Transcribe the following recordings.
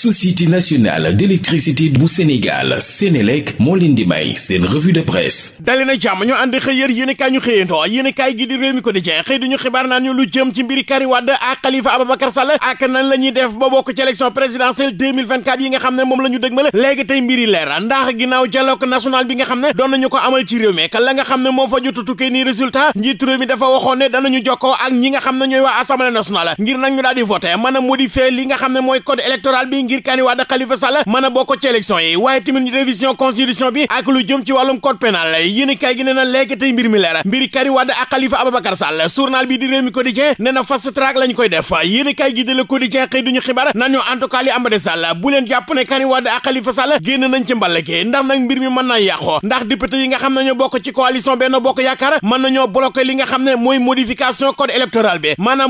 société nationale d'électricité bu Sénégal Sénélec moo leen di may seen revue de presse dali na ñu ànd xëy yér yéenekaay ñu xëyantoo yéenekaay gi di réew mi ko di jeex xëy duñu xibaar naan ñu lu jëm ci mbiri Karim Wade ak Khalifa Ababacar Sall ak nan la def ba bokk ci élection présidentielle 2024 yi nga xam ne moom la ñu dëgmale léegi tey mbiri leer ndax ginnaaw dialogue national bi nga xam ne doon nañu ko amal ci réew mi ka ngir Kaani Wade Khalifa Sall bokk ci élection na léegi tey nga xam ne ñoo bokk ci coalition Benno Bokk Yaakaar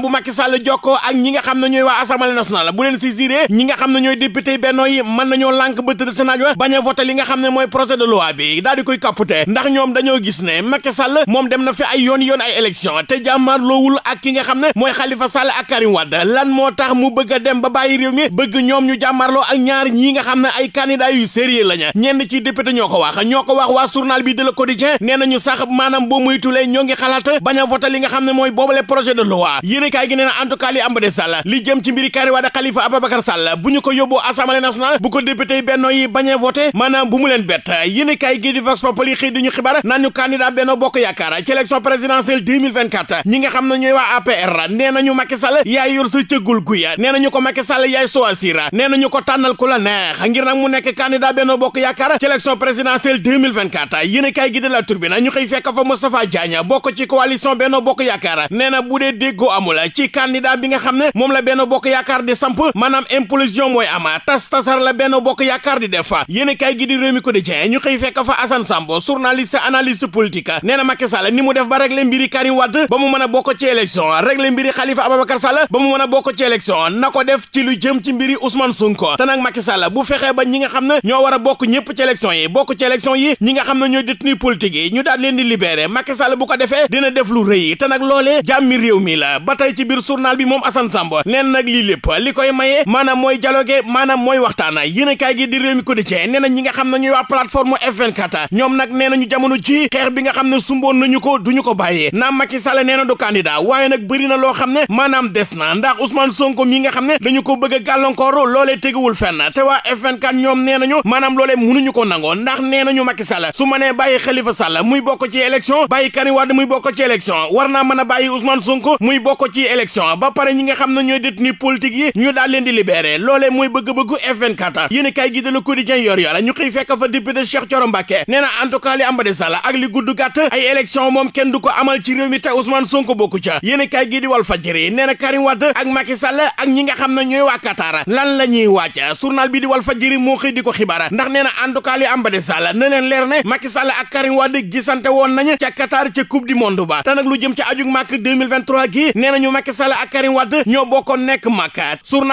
bu Macky Sall jokkoo ak ñi nga xam ne ñooy waa Assemblée nationale bu leen saisir ñi nga xam ne ñooy député Benno yi mën nañoo lànk ba tëdd sa a voté nga xam ne mooy projet de loi bi daal di koy kapute ndax ñoom dañoo gis ne Macky Sall moom dem na fi ay yoon yoon ay élection te wul ak ki nga xam ne mooy Khalifa Sall ak Karim Wade lan moo tax mu bëgg a dem ba bàyyi réew mi bëgg ñoom ñu jàmmaarloo ak ñaar ñii nga xam ne ay candidat yu sérieux lañu ñenn ci député ñoo ko wax ñoo ko wax waa journal bi de Le Quotidien nee nañu sax maanaam a voté li nga xam ne mooy boobale projet de loi yéen li am ba de Sall li jëm ci yóbbu assemblée nationale bu ko député yi bennoo yi bañee voté maanaam bu mu leen bett yéen kaay gii di vox populi xëy di ñu xibaar naan ñu candidat bennoo bokk yaakaar ci élection présidentielle 2024 ñi nga xam ne ñooy waa APR nañu Macky Sall yaay yor bokk ci élection présidentielle 2024 yéen kaay gii di la turbine ci coalition bennoo bi nga xam ne moom la bennoo bokk yaakaar di samp maanaam implosion mooy ama tas tasar la benn bokk yaakaar di def yéen kay gi réew mi ko di jeex ñu xëy fekk fa Assane Sambo journaliste analyste politique nee na ni mu def ba régler mbiri Karim Wade ba mu mën a bokk ci élection régler mbiri Khalifa Ababacar ba mu mën a bokk ci élection na def ci lu jëm ci mbiri Ousmane Sonko te nag bu fexee ba ñi xam ne ñoo war bokk ñëpp ci élection yi bokk ci élection yi ñi xam ne ñooy détenu politique yi ñu daal leen bi moom loolee maanaam mooy waxtaana yéen kaay gi di réew mi quotidien nee ñi nga xam ne ñuy waa plateforme F24 ñoom nag nee nañu jamono ji xeex bi nga xam ne sumboon nañu ko duñu ko bàyyee naam Macky Sall nee na du candidat waaye nag bëri na loo xam ne maanaam des na ndax Ousmane Sonko mi nga xam ne dañu ko bëgg a gàllankoor loolee teguwul fenn te waa F24 ñoom nee nañu maanaam loolee mënuñu ko nangoo ndax nee nañu Macky Sall su ma nee bàyyi Khalifa Sall muy bokk ci élection bàyyi Karim Wade muy bokk ci élection war naa mën a bàyyi Ousmane Sonko muy bokk ci élection ba pare ñi nga xam ne ñooy ni politique yi ñu daal leen di libéré loolee muy bëgg-bëggu F24 yéen kaay gi de Le Quotidien ñu xëy fekk fa député Cheikh Thioro Mbacké nee na ambade sall ak li gudd gàtt ay élection moom kenn du ko amal ci réew mi te Ousmane Sonko bokku ca yéen kaay gi di Walf Fadjri nee na Karim ak Macky ak ñi nga xam ne ñooy waa Qatar lan la ñuy wàcc bi di Walf Fadjri moo xëy di ko xibaar ndax nee na en tout cas li ambade sall na leen leer ne Macky Sall ak Karim Wade gisante woon nañ ca Qatar ca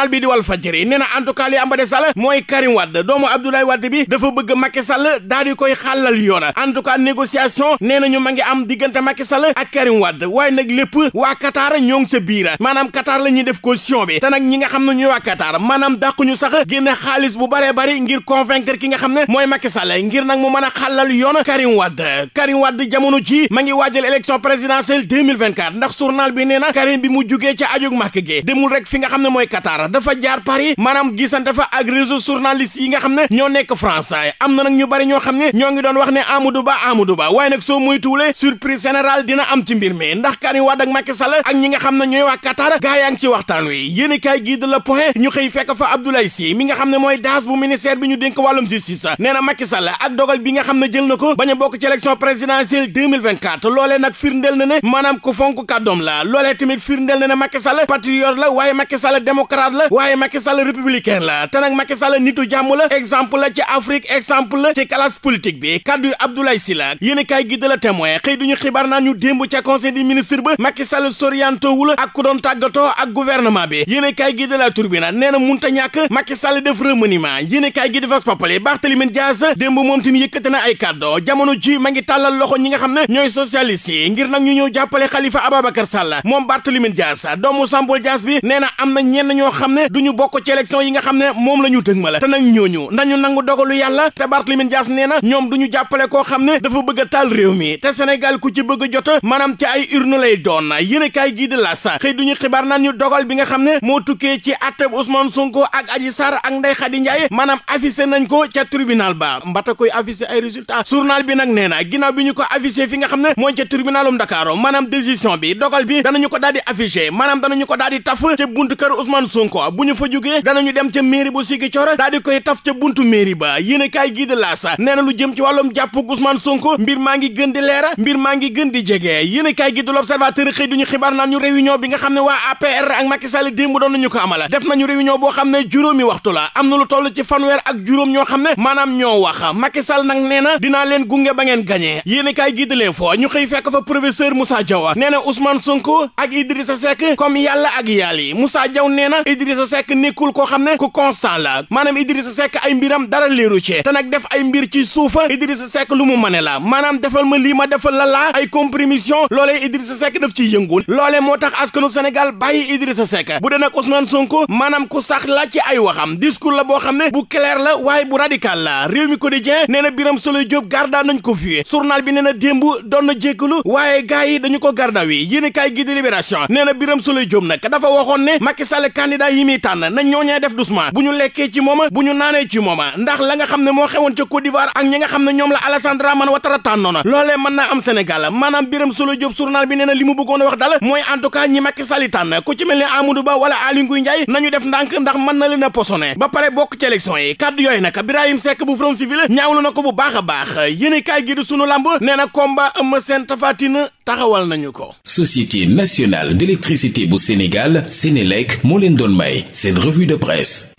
di Walf Fadjri nee na en tout cas li am ba des sall mooy Karim Wade doomu Abdoulaye Wade bi dafa bëgg Macky Sall daal di koy xàllal yoon en tout cas négociation nee nañu ma ngi am diggante Macky Sall ak Karim Wade waaye nag lépp waa Qatar ñoo ngi sa biir maanaam Qatar la ñuy def caution bi te nag ñi nga xam ne ñuy waa Qatar maanaam dàquñu sax ne xaalis bu baree bari ngir convaincre ki nga xam ne mooy Macky sal ngir nag moo mën a xàllal yoon Karim Wade Karim Wade jamono ji ma ngi waajal élection présidentielle 2024 ndax journal bi nee na Karim bi mu jugee ca ajug màkk gi demul nga xam ne mooy Qatar dafa jaar Paris maanaam fa ak réseau yi nga xam ne ñoo nekk France am na nag ñu bari ñoo xam ne ñoo ngi doon wax ne Amadou Ba waaye nag soo muy tuulee surprise générale dina am ci mbir ndax Karim Wade ak Macky ak ñi nga xam ne ñooy waa Qatar gaa ci waxtaan wi yéen kaay gii de la point ñu xëy fekk fa Abdoulaye Sy mi nga xam ne mooy daas bu ministère bi ñu dénk wàllum justice nee na Macky Sall ak dogal bi nga xam ne jël na ko bañ a bokk ci élection républicain la te nag Macky Sall nitu jàmm la la ci Afrique exemple la ci classe politique bi kaddu yu Abdoulaye Sylla yéen a kaay gi de la témoin xëy duñu xibaar naan ñu démb ca conseil des ministres ba Macky Sall soriantowul ak ku doon tàggatoo ak gouvernement bi yéen a kaay la Tribune nee munta ñàkk Macky Sall def remaniement yéen a kaay gi de Vox Populi Barthélémy Dias moom tamit yëkkate na ay kaddo jamono ji ma ngi loxo ñi nga xam ne ñooy yi nga xam ne moom la ñu dëgmale te nag ñooñu nañu nangu dogalu yàlla te Barthélémy Dias nee ñoom du ñu jàppale koo xam ne dafa bëgg a taal réew mi te Sénégal ku ci bëgg a jot maanaam ci ay urne lay doon yéene kaay gii di la sa xëy duñu xibaar naan ñu dogal bi nga xam ne moo tukkee ci atteb Ousmane Sonko ak Adji Sarr ak Ndeye Khady Ndiaye maanaam affiché nañ ko ca tribunal ba mbata koy affiché ay résultat journal bi nag nee na ginnaaw bi ñu ko affiché fi nga xam ne mooy ca tribunalum Dakar maanaam décision bi dogal bi danañu ko daal di affiché maanaam danañu ko daal di taf ca buntu kër Ousmane Sonko bu ñu dem ca mairie bu Ziguinchor daal di koy taf ca buntu mairie ba yéenekaay gi de L'As nee na lu jëm ci wàllum jàpp Ousmane Sonko mbir maa ngi gën di leera mbir maa ngi gën di jege yéenekaay gi de L'Observateur xëy duñu xibaar naan ñu réunion bi nga xam ne waa APR ak Macky Sall démb doon nañu ko amala def nañu réunion boo xam ne juróomi waxtu la am na lu toll ci fanweer ak juróom ñoo xam ne maanaam ñoo wax Macky Sall nag nee na dinaa leen gunge ba ngeen gañee yéenekaay gi de L'Info ñu xëy fekk fa professeur Moussa Diaw nee na Ousmane Sonko ak Idrissa Seck comme yàlla ak yàlla yi Moussa Diaw nee na Idrissa nekkul koo xam génn ku constant la maanaam Idrissa Seck ay mbiram dara leeru ci te nag def ay mbir ci suufa Idrissa Seck lu mu mane la maanaam defal ma lii ma defal la laa ay compromission loolee Idrissa Seck daf ciy yëngul loolee moo tax askanu Sénégal bàyyi Idrissa Seck bu dee nag Ousmane Sonko maanaam ku ci ay waxam discours la boo ne bu clair la waaye bu radical la réew mi ko fii journal bi nee na démb doon dañu ko garda wi yéen kay gi di libération nee na Birame Souleye doucement bu ñu lekkee ci mooma bu ñu naanee ci mooma ndax la nga xam ne moo xewoon ca Côte d'Ivoire ak ñi xam ne ñoom la Alassane Dramane Ouattara tànnoona loolee mën naa am Sénégal maanaam Birame Souleye Diop journal bi nee na li mu a wax dal mooy en tout cas ñi Macky Sall tànn ku ci mel ne Amadou Ba wala Aly Ngouille Ndiaye nañu def ndànk ndax mën na leen a posone ba pare bokk ci élection yi kaddu yooyu nag Birahim Seck bu Forum bu baax a baax yéene na ko Société nationale d'électricité bu Sénégal Sénélec moo leen doon may seen Stress